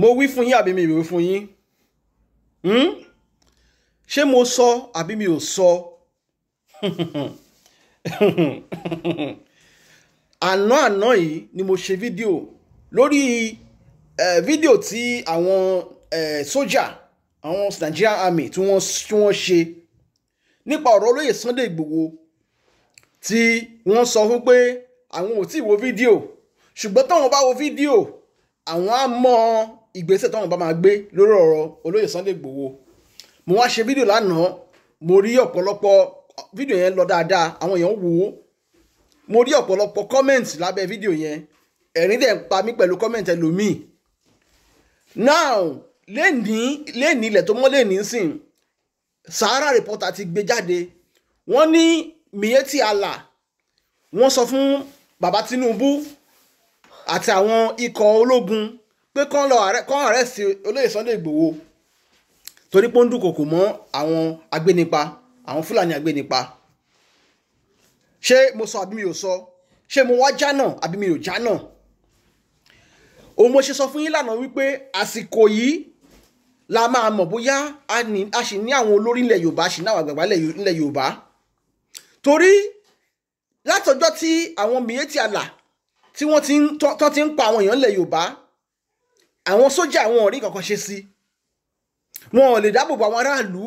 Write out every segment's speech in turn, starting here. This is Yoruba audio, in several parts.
mo wí fún yín àbí mi ò wí fún yín hmm? ṣé mo sọ àbí mi ò sọ àná àná yìí ni mo ṣe fídíò lórí fídíò tí àwọn sójà àwọn Nigerian army tí wọ́n ṣe nípa ọ̀rọ̀ olóyè Sunday Igboho tí wọ́n sọ fún pé àwọn ò tí wo fídíò ṣùgbọ́n táwọn bá wo fídíò àwọn á mọ ìgbésẹ̀ táwọn bá máa gbé lórí ọ̀rọ̀ olóyè Sunday Igboho mo wá ṣe fídíò lánàá mo rí ọ̀pọ̀lọpọ̀ fídíò yẹn lọ dáadáa àwọn èèyàn wò ó mo rí ọ̀pọ̀lọpọ̀ comment lábẹ́ fídíò yẹn ẹ̀rín dẹ̀ ń pa mí pẹ̀lú comment ẹlòmíì now lẹ́ni lẹ́ni ilẹ̀ tó mọ́ lẹ́ni ń sìn Sahara reporter ti gbé jáde wọ́n ní Miyetti Allah wọ́n sọ fún baba Tinubu àti àwọn ikọ̀ ológun pé kán lọ kán àrẹ́sì olóyè Sunday Ìgbòho torí pé ó ń dúnkòkò mọ́ àwọn agbénipa àwọn Fúlàní agbénipa ṣé mo sọ àbí mi ò sọ ṣé mo wá jánà àbí mi ò jánà òun mo ṣe sọ fún yín lánàá wípé àsìkò yìí la máa mọ̀ bóyá a sì ní àwọn olórí ilẹ̀ Yorùbá a sì ní àwọn àgbàgbà ilẹ̀ Yorùbá torí látọjọ́ tí àwọn miyetti Allah tí wọ́n ti ń pa àwọn èèyàn ilẹ̀ Yorùbá àwọn sójà wọn ò rí kankan ṣe sí wọn ò lè dáàbòbò àwọn aráàlú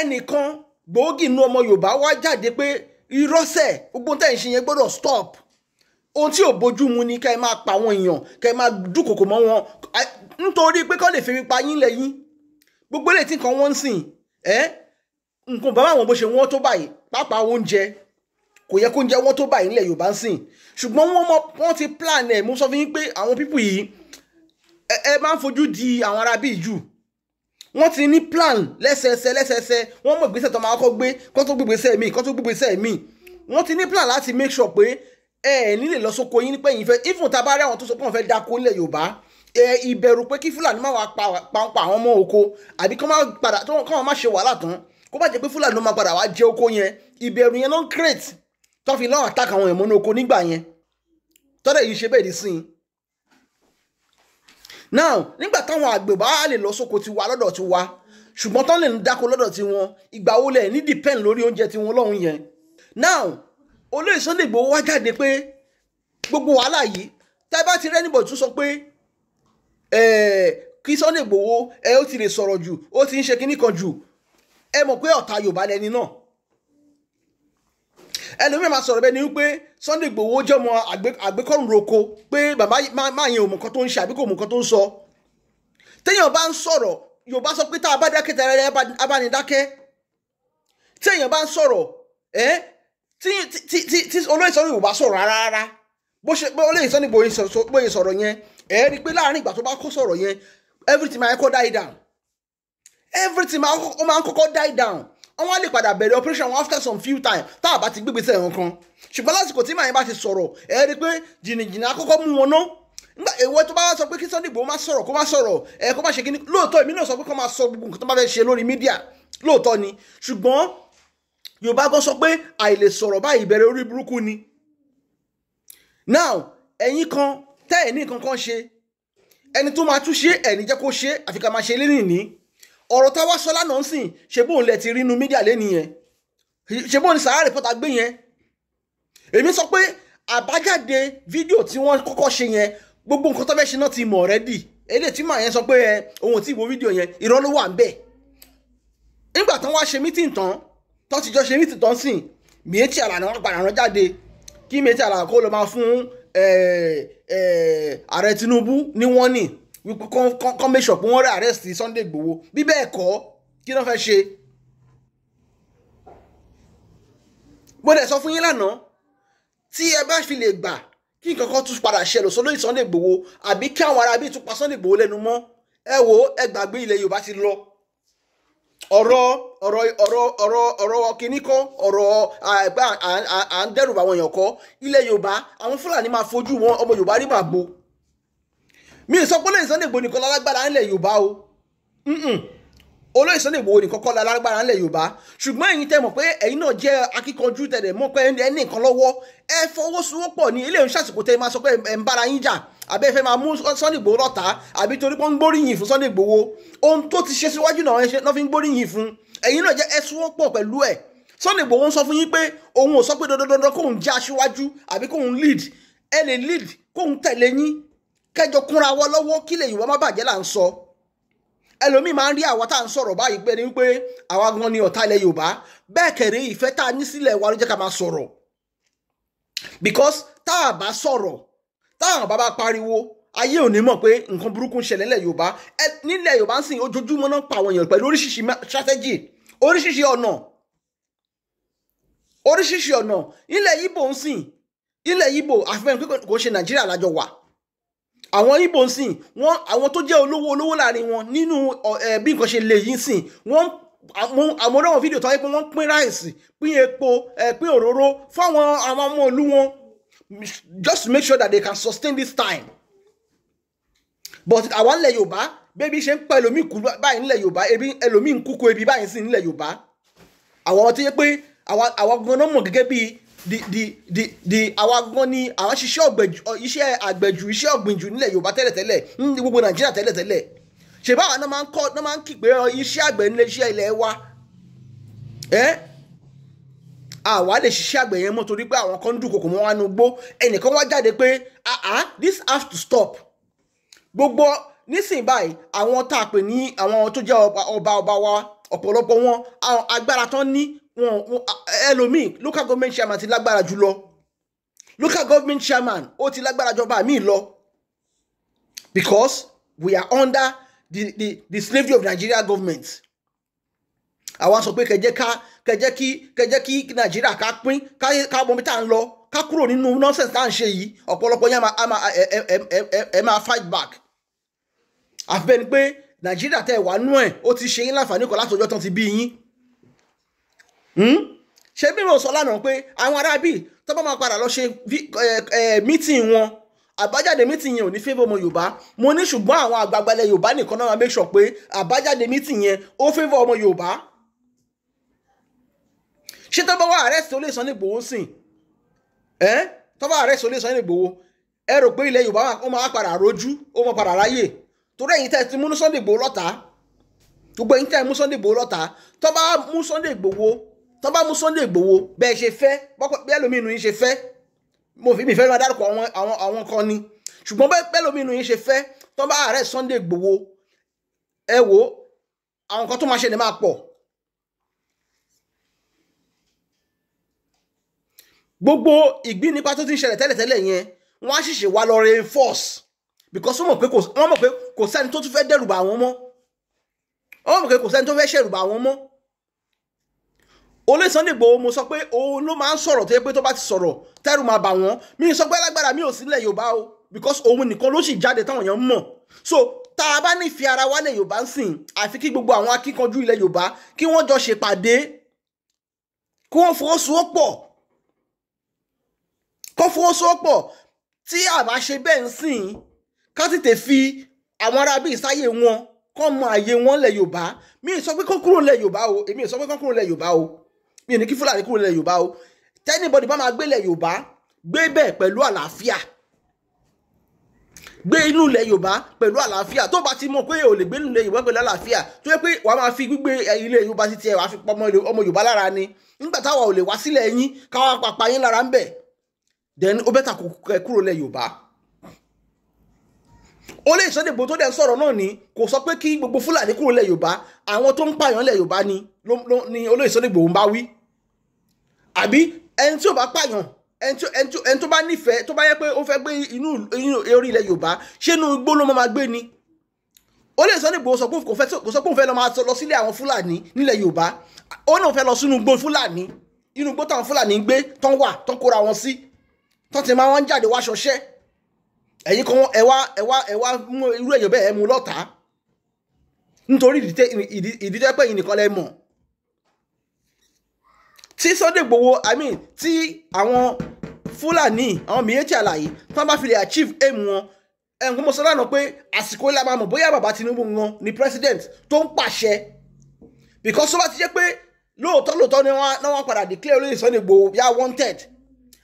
ẹnìkan gbòógì inú ọmọ Yorùbá wá jáde pé irọ́sẹ̀ gbogbo tẹ̀ ń yẹn gbọ́dọ̀ stop ohun tí ò bójú mu ni kẹ́ ẹ máa pa àwọn èèyàn kẹ́ ẹ máa dúnkòkò mọ́ wọn nítorí pé kọ́ lè fi pa yín lẹ́yìn gbogbo eléyìí tí nǹkan wọ́n ń sìn ẹ́ nǹkan bàbá àwọn bó ṣe wọ́n tó báyìí pàápàá oúnjẹ kò yẹ kó ń jẹ́ wọ́n tó báyìí nílẹ̀ Yorùbá ń sìn ṣùgbọ́n wọ́n mọ wọ́n ti plan ẹ̀ mo sọ fún yín pé àwọn pípù yìí ẹ máa ń fojú di àwọn ará bíi jù wọ́n ti ní plan lẹ́sẹẹsẹ lẹ́sẹẹsẹ wọ́n mọ ìgbésẹ̀ tó máa kọ́ gbé kó tó gbégbèsẹ̀ míì kó tó gbégbèsẹ̀ míì wọ́n ti ní plan láti make sure pé ẹ ẹ nílè lọ sóko yín nípẹ́ yìí fẹ́ even tá a bá rí àwọn tó sọ pé wọ́n fẹ́ dáko nílẹ̀ Yorùbá ẹ ìbẹ̀rù pé kí Fúlàní má wàá pa àwọn ọmọ oko àbí kí wọ́n má ṣe wàhálà tán kó bá jẹ́ pé Fúlàní ló máa padà wá jẹ oko yẹn ìbẹ̀rù yẹn ló ń create tó fi náà attack àwọn èèyàn oko nígbà yẹn tọ́lẹ̀ yìí ṣe bẹ́ẹ̀ di sí i. now nígbà táwọn àgbẹ̀ bá lè lọ sóko tiwa lọ́dọ̀ tiwa ṣùgbọ́n tán lè dáko lọ́dọ̀ tiwọn ìgbà wo lẹ̀ ní depend lórí oúnjẹ tiwọn lọ́hùn yẹn. now olóyè Sunday Igboho wá jáde pé gbogbo wàhálà yìí tá ẹ bá ti rẹ́nìbọ̀ tún sọ pé kí Sunday Igboho ẹ ó ti lè sọ̀rọ̀ jù ó ti ń ṣe kinní kan jù ẹ mọ̀ pé ọ̀tá Yorùbá lẹni náà ẹlòmíràn máa sọ̀rọ̀ bẹ́ẹ̀ ni wípé Sunday Igboho jẹ́ ọmọ àgbékọ́rùn roko pé bàbá máa yẹn òmùkan tó ń ṣe àbí kò òmùkan tó ń sọ téèyàn bá ń sọ̀rọ̀ Yorùbá sọ pé tá a bá dákẹ́ tẹ́lẹ̀ rẹ̀ abánidákẹ́ téèyàn bá ń sọ̀rọ̀ ẹ́ tí olóyè sọ́nà Yorùbá sọ̀rọ̀ rárá bó ṣe pé olóyè sọ́nà Igboho sọ̀rọ̀ yẹn ẹ̀ rí i pé láàrin ìgbà tó bá kó sọ̀rọ̀ yẹn everything máa kọ́ die down everything máa kọ́kọ́ die down wọ́n lè padà bẹ̀rẹ̀ operation wọn after some few time tá a bá ti gbégbèsè ẹ̀hún kan ṣùgbọ́n lásìkò tí màá yín bá ti sọ̀rọ̀ ẹ rí i pé jìnnìjìnnì àkọ́kọ́ mú wọn ná nígbà èwo tó bá wá sọ pé kí Sunday Igboho má sọ̀rọ̀ kó má sọ̀rọ̀ ẹ kó má ṣe kíní lóòótọ́ èmi náà sọ pé kó má sọ gbogbo nǹkan tó bá fẹ́ ṣe lórí mídíà lóòótọ́ ni ṣùgbọ́n Yorùbá gan sọ pé àìlè sọ̀rọ̀ báyìí ìbẹ̀rẹ̀ orí burúkú ni now ẹ̀yin kan tẹ́ ẹ̀ ní nǹkan kan ṣe ẹni tó máa tún ṣe ẹ̀ ní jẹ́ kó ṣe àfi máa ṣe lẹ́nìí ọ̀rọ̀ táwa sọlá náà sìn ṣe bóun lẹ ti rí inú mídíà lẹ́nu yẹn ṣe bóun sàárà rìpọ́tà gbé yẹn èmi sọ pé àbájáde fídíò tí wọ́n kọ́kọ́ ṣe yẹn gbogbo nǹkan tó fẹ́ ṣe náà ti mọ̀ rẹ́dì eléyìí tí màá yẹn sọ pé òun ò tí ì wo fídíò yẹn irọ́ ló wà ń bẹ̀ nígbà tán wá ṣe mítìn tán tó ti jọ ṣe mítìn tán sìn Miyetti Àlàní wọn padà rán jáde kí Miyetti Àlàní kó lọ máa fún ààrẹ Tinubu ní wọ́n nìí kán make sure pé wọ́n rà arrest Sunday Igboho bí bẹ́ẹ̀ kọ́ kí ló fẹ́ ṣe. mo dẹ̀ sọ fún yín lánàá tí ẹ bá fi lè gbà kí nǹkan kan tún padà ṣẹlẹ̀ sọ́dọ̀ Sunday Igboho àbí kí àwọn aráabí tún pa Sunday Igboho lẹ́nu mọ́ ẹ wo ẹ gbàgbé ilẹ̀ Yorùbá ti lọ ọ̀rọ̀ ọ̀rọ̀ ọ̀rọ̀ ọ̀rọ̀ ọ̀rọ̀ kìíní kan ọ̀rọ̀ à ń dẹ́rù àwọn èèyàn kọ́ ilẹ̀ Yorùbá àwọn Fúlàní máa fojú wọn ọmọ Yorùbá rí màbo mi sọ pé olóyè Sunday Igboho nìkan lálágbára ńlẹ̀ Yorùbá o olóyè Sunday Igboho nìkan kọ́ lálágbára ńlẹ̀ Yorùbá ṣùgbọ́n ẹ̀yin tẹ́ mọ̀ pé ẹ̀yin náà jẹ́ akíkanjú tẹ̀lẹ̀ mọ́ pé ẹni nìkan lọ́wọ́ ẹ fọwọ́sowọ́pọ̀ ní ilé ìṣàsìkò tẹ́ máa sọ pé ẹ̀ ń bára yín jà àbẹ́ fẹ́ máa mú Sunday Igboho lọ́ta àbí torí pọ́n ń gbóríyìn fún Sunday Igboho ohun tó ti ṣe síwájú náà ẹ ṣe lọ́ fi ń gbóríyìn fún ẹ̀yin náà jẹ́ ẹ sowọ́pọ̀ pẹ̀lú ẹ̀ Sunday Igboho ń sọ fún yín pé òun ò sọ pé dandandandan kóun jẹ́ aṣíwájú àbí kóun lead ẹ lè lead kóun tẹ̀lé yín kẹjọ kúnra wa lọ́wọ́ kí lè yìnbọn má bàjẹ́ là ń sọ ẹlòmíì máa ń rí àwa tá à ń báyìí pé ni wípé àwa ni ọ̀tá ilẹ̀ Yorùbá bẹ́ẹ̀ kẹ̀rí ìfẹ́ tá a ní sílẹ̀ wa ló jẹ́ ká máa sọ̀rọ̀ because tá a sọ̀rọ̀ tá a bá pariwo ayé pé nǹkan burúkú ṣẹlẹ̀ Yorùbá nílẹ̀ Yorùbá ń ojoojúmọ́ náà pa èèyàn pẹ̀lú oríṣiríṣi strategy oríṣiríṣi ọ̀nà àwọn ibo ń sìn wọn àwọn tó jẹ́ olówó olówó láàrin wọn nínú bí nǹkan ṣe lè yín sìn wọ́n àmọ́ náà fídíò tó wáyé pé wọ́n pín ráìsì pín epo pín òróró fáwọn àwọn ọmọ ìlú wọn just to make sure that they can sustain this time but àwa nílẹ̀ Yorùbá bébí ṣe ń pa ẹlòmíì kú báyìí nílẹ̀ Yorùbá ebi ẹlòmíì ń kúkú ebi báyìí sí nílẹ̀ Yorùbá àwọn ọmọ tó yẹ pé àwa gan-an mọ̀ gẹ́gẹ́ bíi the the the the àwa gan ni àwa ṣiṣẹ́ ọ̀gbẹ̀jù iṣẹ́ àgbẹ̀jù iṣẹ́ ọ̀gbìnjù nílẹ̀ Yorùbá tẹ́lẹ̀tẹ́lẹ̀ ní gbogbo Nàìjíríà tẹ́lẹ̀tẹ́lẹ̀ ṣe báwa náà máa ń kọ́ náà máa ń kì pé iṣẹ́ àgbẹ̀ nílé iṣẹ́ ilẹ̀ wa ẹ́ àwa lè ṣiṣẹ́ àgbẹ̀ yẹn mọ́ torí pé àwọn kan ń dúnkokò mọ́ wa nu gbó ẹnìkan wá jáde pé ah ah this has to stop gbogbo nísìnyí báyìí àwọn tá a pè ní àwọn tó jẹ́ ọba ọba wa ọ̀pọ̀lọpọ̀ wọn àwọn agbára tán ní wọn ẹlòmíì local government chairman ti lágbára jù lọ local government chairman ó ti lágbára jọba mi lọ because we are under the the the slavery of Nigeria government àwa sọ pé kẹjẹ ká kẹjẹ kí kẹjẹ kí Nàìjíríà ká pín ká bọmi tá à ń lọ ká kúrò nínú nonsense tá à ń ṣe yìí ọ̀pọ̀lọpọ̀ yẹn ẹ máa fight back àfẹ́ni pé Nàìjíríà tẹ̀ wá nú ẹ̀ ó ti ṣe yín láǹfààní kan látọjọ́ tán ti bí yín. Hmm? ṣé bí mo sọ lánàá pé àwọn arábì tó bá máa padà lọ ṣe eh, eh, mítìn wọn àbájáde mítìn yẹn ò ní fẹ́fọ́ ọmọ yorùbá mo ní ṣùgbọ́n àwọn àgbààgbà ilẹ̀ yorùbá nìkan náà máa make sure pé àbájáde mítìn yẹn ó fẹ́fọ́ ọmọ yorùbá ṣé tó bá wà àrẹ́sì tó lè san ní gbòó sìn ẹ́ eh? tó bá àrẹ́sì tó lè san ní gbòó ẹ rò pé ilẹ̀ yorùbá ó máa padà rojú ó máa padà ráyè torí ẹ̀yin tẹ́ ti mú Sunday Igboho lọ́ta gbogbo ẹ̀yin tẹ́ mú Sunday Igboho lọ́ta tó bá mú Sunday Igboho tó bá mú Sunday Igboho bẹ́ẹ̀ ṣe fẹ́ bẹ́ẹ̀ lómi inú yín ṣe fẹ́ mo fi mi fẹ́ máa dárúkọ àwọn àwọn kan ni ṣùgbọ́n bẹ́ẹ̀ lómi inú yín ṣe fẹ́ tó bá ààrẹ Sunday Igboho ẹ wo àwọn kan tó máa ṣe ni máa pọ̀ gbogbo ìgbín nípa tó ti ń ṣẹlẹ̀ tẹ́lẹ̀tẹ́lẹ̀ yẹn wọ́n á ṣìṣe wá lọ reinforce because wọ́n mọ̀ pé kò sẹ́ni tó tún fẹ́ dẹ́rùbà wọn mọ́ wọ́n mọ̀ pé kò sẹ́ni tó fẹ́ ṣẹ̀rùbà wọn mọ́ Olóyè Sunday Igboho mo sọ pé òun ló máa ń sọ̀rọ̀ tó yẹ pé tó bá ti sọ̀rọ̀ tẹ́rù máa bà wọ́n mi sọ pé lágbára mi ò sílẹ̀ Yorùbá o because òun nìkan ló sì jáde táwọn èèyàn mọ̀ so tá a bá ní fi ara wálẹ̀ Yorùbá ń sìn àfi kí gbogbo àwọn akíkanjú ilẹ̀ Yorùbá kí wọ́n jọ ṣèpàdé kí wọ́n fọwọ́sowọ́pọ̀ kọ́ fọwọ́sowọ́pọ̀ tí àbá ṣe bẹ́ẹ̀ ń sìn ká tètè fi àwọn arábí ìsáyè wọn kọ́ mọ àyè wọn lẹ̀ Yorùbá mi ì sọ pé kó kúrò lẹ̀ Yorùbá o èmi ì sọ pé kó kúrò lẹ̀ Yorùbá o mi ò ní kí fúlàní kúrò nílẹ̀ yorùbá o tẹ́nìbọ̀dì bá máa gbé ilẹ̀ yorùbá gbé bẹ́ẹ̀ pẹ̀lú àlàáfíà gbé inú ilẹ̀ yorùbá pẹ̀lú àlàáfíà tó bá ti mọ̀ pé ò lè gbé inú ilẹ̀ yorùbá pẹ̀lú àlàáfíà tó yẹ pé wà á máa fi gbígbé ilé yorùbá sí tiẹ̀ wà á fi pọ̀ ọmọ yorùbá lára ni nígbà táwa ò lè wá sílẹ̀ yín káwa pàpà yín lára ń bẹ̀ then ó bẹ́tà kúrò ilẹ̀ yorùbá ó lè sọ́dẹ̀bò tó dẹ̀ ń sọ̀rọ̀ náà ni kò sọ pé kí gbogbo fúlàní kúrò ilẹ̀ yorùbá àwọn tó ń pààyàn ilẹ̀ yorùbá ni olóyè sọ́dẹ̀bò ń bá wí àbí ẹni tí ò bá pààyàn ẹni tó bá nífẹ̀ẹ́ tó bá yẹ pé ó fẹ́ gbé inú orí ilẹ̀ yorùbá ṣé inú igbó ló máa gbé ni ó lè sọ ní Ìgbòho sọ pé kò sọ pé òun fẹ́ lọ máa lọ sílé àwọn fúlàní nílẹ̀ yorùbá ó náà fẹ́ lọ sínú igbó fúlàní inú igbó táwọn fúlàní ń gbé tán wà tán kóra wọn sí tán ti máa wọn jáde wá ṣọṣẹ́ ẹ̀yin kan ẹ wá ẹ wá ẹ wá mú irú èèyàn bẹ́ẹ̀ ẹ mú lọ́tàá nítorí ìdí tẹ́ pé ẹ̀yin nìkan mọ̀ tí Sunday Igboho i mean tí àwọn Fúlàní àwọn Miyetti Alayi tí wọ́n bá achieve aim wọn ẹ̀hún mo sọ lánàá pé àsìkò ilé àmàmù bóyá bàbá Tinubu wọn ni president tó ń pàṣẹ because tó bá ti jẹ́ pé lóòótọ́ lóòótọ́ ni wọ́n wọ́n padà declare olóyè Sunday Igboho yá wanted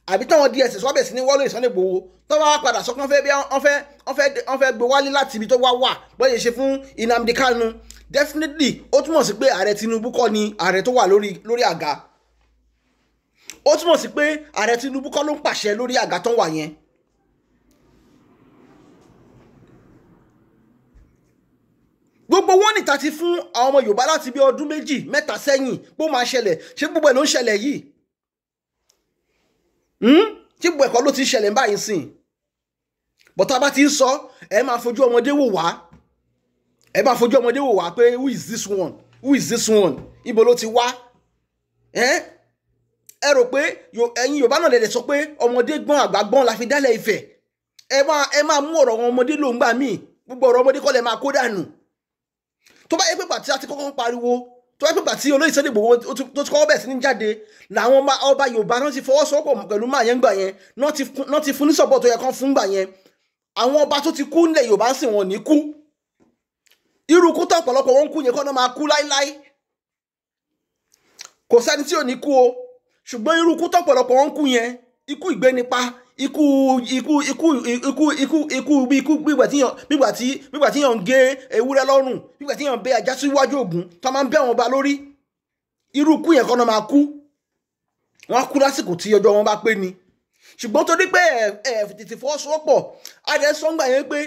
àbí táwọn DSS wọ́n bẹ̀ sí ní wọ́n olóyè Sunday Igboho tó bá wá padà sọ pé wọ́n fẹ́ bí wọ́n fẹ́ wọ́n fẹ́ wọ́n fẹ́ gbé wálé láti ibi tó wá wà bóyá ṣe fún Nnamdi Kanu definitely ó túmọ̀ sí pé ààrẹ Tinubu kọ́ ni ààrẹ tó wà lórí lórí àga ó túmọ̀ sí pé ààrẹ Tinubu kọ́ ló ń pàṣẹ lórí àga tán wà yẹn. gbogbo wọn níta ti fún àwọn ọmọ Yorùbá láti bí ọdún méjì mẹ́ta sẹ́yìn bó máa ṣẹlẹ̀ ṣé gbogbo ẹ̀ ló ń ṣẹlẹ̀ yìí tí hmm? gbogbo ẹ̀kọ́ ló ti ṣẹlẹ̀ ń báyìí sìn bọ́tà bá ti ń sọ ẹ máa fojú ọmọdé wò wá ẹ máa fojú ọmọdé wò wá pé who is this one who is this one ibo ló ti wá rò pé ẹ̀yin yorùbá náà lẹ̀lẹ̀ sọ pé ọmọdé gbọ́n àgbà gbọ́n la fi dálẹ̀ Ifẹ̀ ẹ máa ẹ máa mú ọ̀rọ̀ ọmọdé lòún gbà míì gbogbo ọ̀rọ̀ ọmọdé kọ́ lẹ̀ máa kó dànù tó bá yẹ pé pàtí àti kọ́kọ́ ń pariwo tó bá yẹ pé pàtí olóyè Sunday Igboho tó ti kọ́kọ́ bẹ̀rẹ̀ sí ní jáde làwọn ọba yorùbá náà ti fọwọ́sowọ́pọ̀ pẹ̀lú máa yẹn gbà yẹn náà ti fún ní sọ̀bọ̀ tó yẹ kán fún gbà yẹn àwọn ọba tó ti kú nílẹ̀ yorùbá ń sìn wọn ní kú irú kú tó ọ̀pọ̀lọpọ̀ wọn ń kú yẹn kọ́ náà máa kú láíláí kò sẹ́ni tí ò ní kú o ṣùgbọ́n irú ikú tọ̀pọ̀lọpọ̀ wọn kú yẹn ikú ìgbénipa ikú ikú ikú ikú ikú ikú ikú gbígbà tí gbígbà tí gbígbà tí yàn ń gé ewúrẹ́ lọ́rùn gbígbà tí yàn ń bẹ ajá síwájú ògún tó máa ń bẹ àwọn ọba lórí irú ikú yẹn kọ́ náà máa kú wọ́n á kú lásìkò tí ọjọ́ wọn bá pé ni ṣùgbọ́n torí pé ẹ ẹ tètè fọwọ́sowọ́pọ̀ adé sọ́ngbà yẹn pé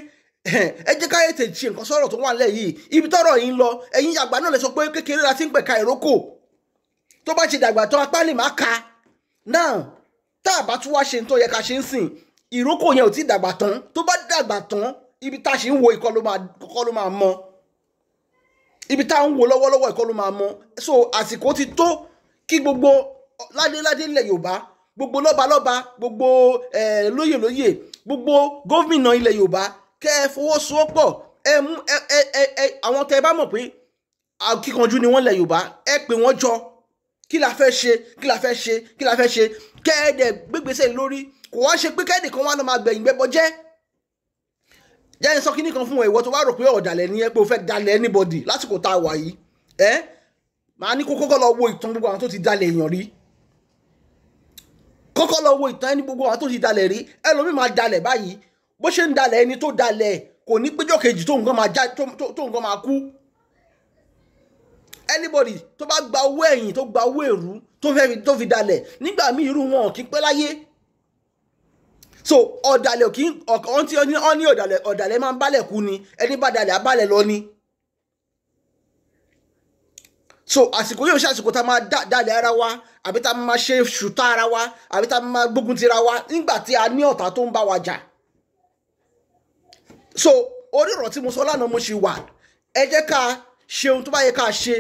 ẹ jẹ́ ká ètè ṣe nǹkan sọ̀rọ̀ tó wà lẹ́yìn ibi tọ́rọ̀ yìí ń lọ ẹ̀yin àgbà náà lè sọ pé kékeré la ti ń pẹ̀ka ìrókò tó bá ti dàgbà tán apá lè má ka náà tá a bá tún wá ṣe tó yẹ ká ṣe ń sìn ìrókò yẹn ò tí dàgbà tán tó bá dàgbà tán ibi tá a ṣe ń wo ìkọ́ ló máa mọ ibi tá a ń wo lọ́wọ́lọ́wọ́ ìkọ́ ló máa mọ so àsìkò ti tó kí gbogbo ládéládé ilẹ̀ Yorùbá gbogbo lọ́balọ́ba gbogbo lóyèlóyè eh, gbogbo gómìnà ilẹ̀ Yorùbá kẹ́ ẹ fọwọ́sowọ́pọ̀ ẹ mú ẹ ẹ ẹ àwọn tẹ́ ẹ bá mọ̀ pé akíkanjú ni wọ́n lẹ̀ Yorùbá ẹ pè wọ́n jọ kí la fẹ́ ṣe kí la fẹ́ ṣe kí la fẹ́ ṣe kẹ́ẹ̀dẹ̀ gbégbèsè lórí kò wá ṣe pé kẹ́ẹ̀nìkan wà lọ́ọ́ máa gbẹ̀yìn gbẹ́bọ jẹ́ jẹ́ ń sọ kí nìkan fún ìwọ tó wá rò pé ọ̀dàlẹ̀ ni ẹ pé o fẹ́ dalẹ̀ anybody lásìkò tá a wà yìí ẹ màá ní kó kọ́kọ́ lọ wo ìtàn gbogbo àwọn tó ti dalẹ̀ èèyàn rí kọ́kọ́ lọ wo ìtàn ẹni gbogbo àwọn tó ti dalẹ̀ rí ẹlòmíì máa dalẹ̀ báyìí bó ṣe ń dalẹ̀ ẹni tó dalẹ̀ kò ní péjọ́ kejì tó nǹkan máa kú anybody tó bá gba owó ẹ̀yìn tó gba owó èrú tó fi dalẹ̀ nígbà míì irú wọn kì í pẹ́ láyé so ọ̀dàlẹ̀ kì í ọ̀kan tí wọ́n ní ọ̀dàlẹ̀ ọ̀dàlẹ̀ máa ń bálẹ̀ kú ni ẹni bá dalẹ̀ abálẹ̀ lọ ni so àsìkò yóò ṣe àsìkò tá a máa dalẹ̀ ara wa àbí tá a máa ṣe ṣùtá ara wa àbí tá a máa gbógun tira wa nígbà tí a ní ọ̀tá tó ń bá wa jà so orí ọ̀rọ̀ tí mo sọ lánàá mo ṣì wà ẹ jẹ́ ká ṣe tó bá yẹ ká ṣe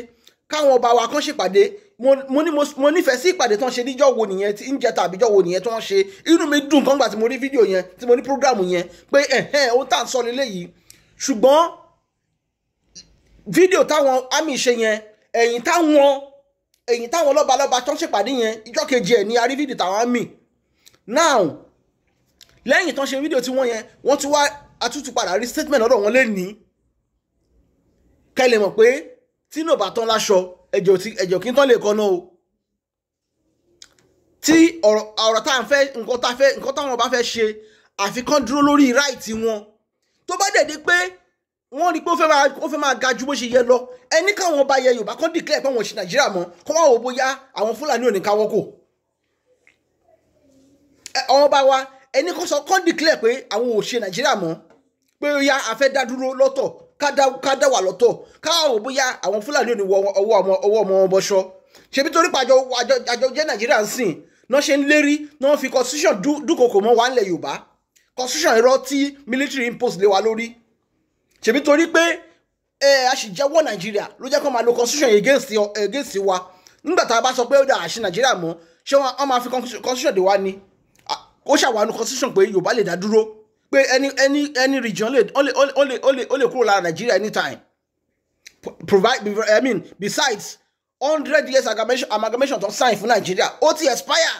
káwọn ọba wa kan ṣèpàdé mo ní mo nífẹ̀ẹ́ sí ìpàdé tán ṣe níjọ́ wo nìyẹn tí ń jẹta àbíjọ́ wo nìyẹn tí wọ́n ṣe inú mi dùn kan gbà tí mo rí fídíò yẹn tí mo ní prógráàmù yẹn pé ẹ̀hẹ́n ohun tá à ń sọ lélẹ́yìí ṣùgbọ́n fídíò táwọn àmì ṣe yẹn ẹ̀yìn táwọn ẹ̀yìn táwọn lọ́balọ́ba tán ṣèpàdé yẹn ìjọ́ kejì ẹ̀ ní arí fídíò táwọn àmì now lẹ́yìn tán ṣe fídíò tí wọ́n yẹn wọ́n tún wá atútù padà rí statement lọ́dọ̀ wọn lé ní kẹ́lẹ̀ mọ̀ pé tí náà bá tán láṣọ ẹ̀jọ̀ kí n tán lè kọ́ náà o tí ọ̀rọ̀ tá à ń fẹ́ nǹkan tá fẹ́ nǹkan táwọn bá fẹ́ ṣe àfikán dúró lórí ráìtì wọn tó bá dẹ̀dẹ̀ pé wọ́n rí pé ó fẹ́ máa ó fẹ́ máa ga ju bó ṣe yẹ lọ ẹni káwọn ọba yẹ Yorùbá kan dìklẹ̀ pé àwọn ò ṣe Nàìjíríà mọ́ kó wá wò bóyá àwọn Fúlàní ò ní káwọ́ kò ọ̀wọ́n bá wa ẹni kó sọ kán dìklẹ̀ pé àwọn ò ṣe Nàìjíríà mọ́ pé ó yá a fẹ́ dá dúró lọ́tọ̀ ká dá wà lọ́tọ̀ káwọn bóyá àwọn fúlàní ò ní wọ ọwọ́ ọmọ ọwọ́ ọmọ wọn bọ́ṣọ ṣebí torí pàjọ àjọ jẹ́ nàìjíríà ń sìn náà ṣe ń lérí náà fi constitution dúnkokò mọ́ wa ńlẹ̀ yorùbá constitution ẹ̀rọ tí military impose lé wa lórí ṣebí torí pé ẹ a sì jẹ́wọ́ nàìjíríà ló jẹ́ kó máa lo constitution against against wa nígbà tá a bá sọ pé ó dà àṣì nàìjíríà mọ́ ṣé wọ́n máa fi constitution dè wá ni kó ṣàwọn constitution pé yorùbá lè dá dúró pé any any any region lè only only only only ó lè ó kúrò lára Nàìjíríà anytime provide I mean besides hundred years amalgamation tó sign fún Nàìjíríà ó ti expire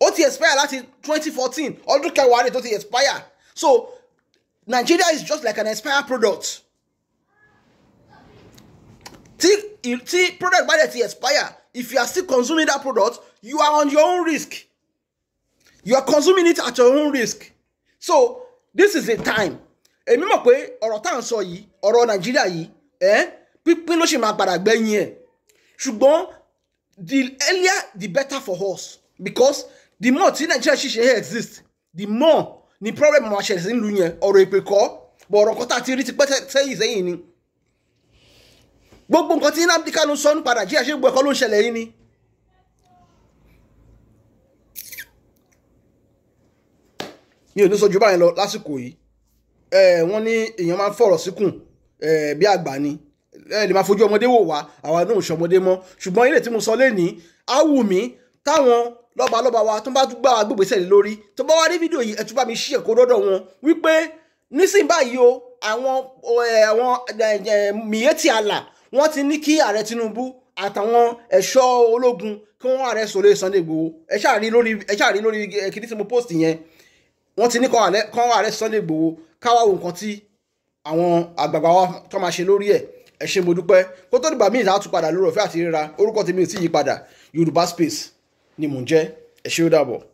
ó ti expire láti twenty fourteen ọdún kẹwàá rẹ tó ti expire so Nigeria is just like an expired product tí tí product bá dẹ̀ ti expire if you are still consuming that product you are on your own risk you are consuming it at your own risk so this is the time èmi mọ̀ pé ọ̀rọ̀ tá à ń sọ yìí ọ̀rọ̀ nàìjíríà yìí ẹ̀ pínpín ló ṣe máa padà gbẹ̀yìn ẹ̀ ṣùgbọ́n the earlier the better for us because the more tí nàìjíríà ṣiṣẹ́ exist the more ni problem máa ṣẹlẹ̀ sí ìlú yẹn ọ̀rọ̀ èpè kọ́ bọ̀ ọ̀rọ̀ kan tá a ti rí ti pẹ́ sẹ́yìn sẹ́yìn ni gbogbo nǹkan tí nnamdi kanu sọ nípa nàìjíríà ṣe gbọ́ ẹ̀kọ́ ló ń ṣẹlẹ̀ yìí ni mi ò ní sọ ju báyìí lọ lásìkò yìí wọ́n ní èèyàn máa ń fọ̀rọ̀ síkùn bí àgbà ni ẹ lè máa fojú ọmọdé wò wá àwa náà ò ṣọmọdé mọ́ ṣùgbọ́n ilé tí mo sọ lẹ́ni á wù mí táwọn lọ́balọ́ba wa tó bá gbà wá gbègbèsẹ̀ lé lórí tó bá wá rí fídíò yìí ẹ tún bá mi ṣí ẹ̀kọ́ lọ́dọ̀ wọn wípé nísìnyí báyìí o àwọn àwọn mìíràn àlà wọ́n ti ní kí ààrẹ Tinubu àtàwọn ẹ̀ṣọ́ ológun kí wọ́n ààrẹ sọ̀rọ̀ Sunday Igboho ẹ ṣáà rí lórí ẹ ṣáà rí lórí kìdí tí mo post yẹn wọ́n ti ní kán wà rẹ̀ Sunday Igboho káwá wo nǹkan tí àwọn àgbààgbà wa tó máa ṣe lórí ẹ̀ ẹ ṣé mo dúpẹ́ kó tó dìgbà míì láti padà lórí ọ̀fẹ́ àti ríra orúkọ tèmi ò tí yí padà Yorùbá Space ni mò ń jẹ́ ẹ ṣé ó dàbọ̀.